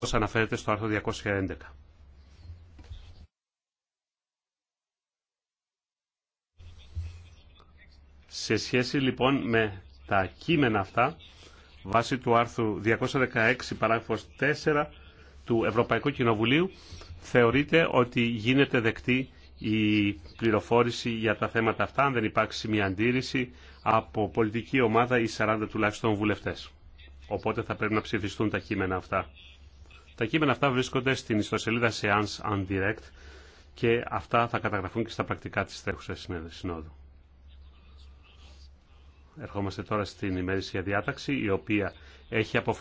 όπως αναφέρεται στο άρθρο 211. Σε σχέση λοιπόν με τα κείμενα αυτά, βάσει του άρθρου 216 παράγραφος 4 του Ευρωπαϊκού Κοινοβουλίου, θεωρείται ότι γίνεται δεκτή η πληροφόρηση για τα θέματα αυτά, αν δεν υπάρξει μια αντίρρηση από πολιτική ομάδα ή 40 τουλάχιστον βουλευτές. Οπότε θα πρέπει να ψηφιστούν τα κείμενα αυτά. Τα κείμενα αυτά βρίσκονται στην ιστοσελίδα Seance on και αυτά θα καταγραφούν και στα πρακτικά της τέχουσα συνόδου. Ερχόμαστε τώρα στην για διάταξη, η οποία έχει αποφασίσει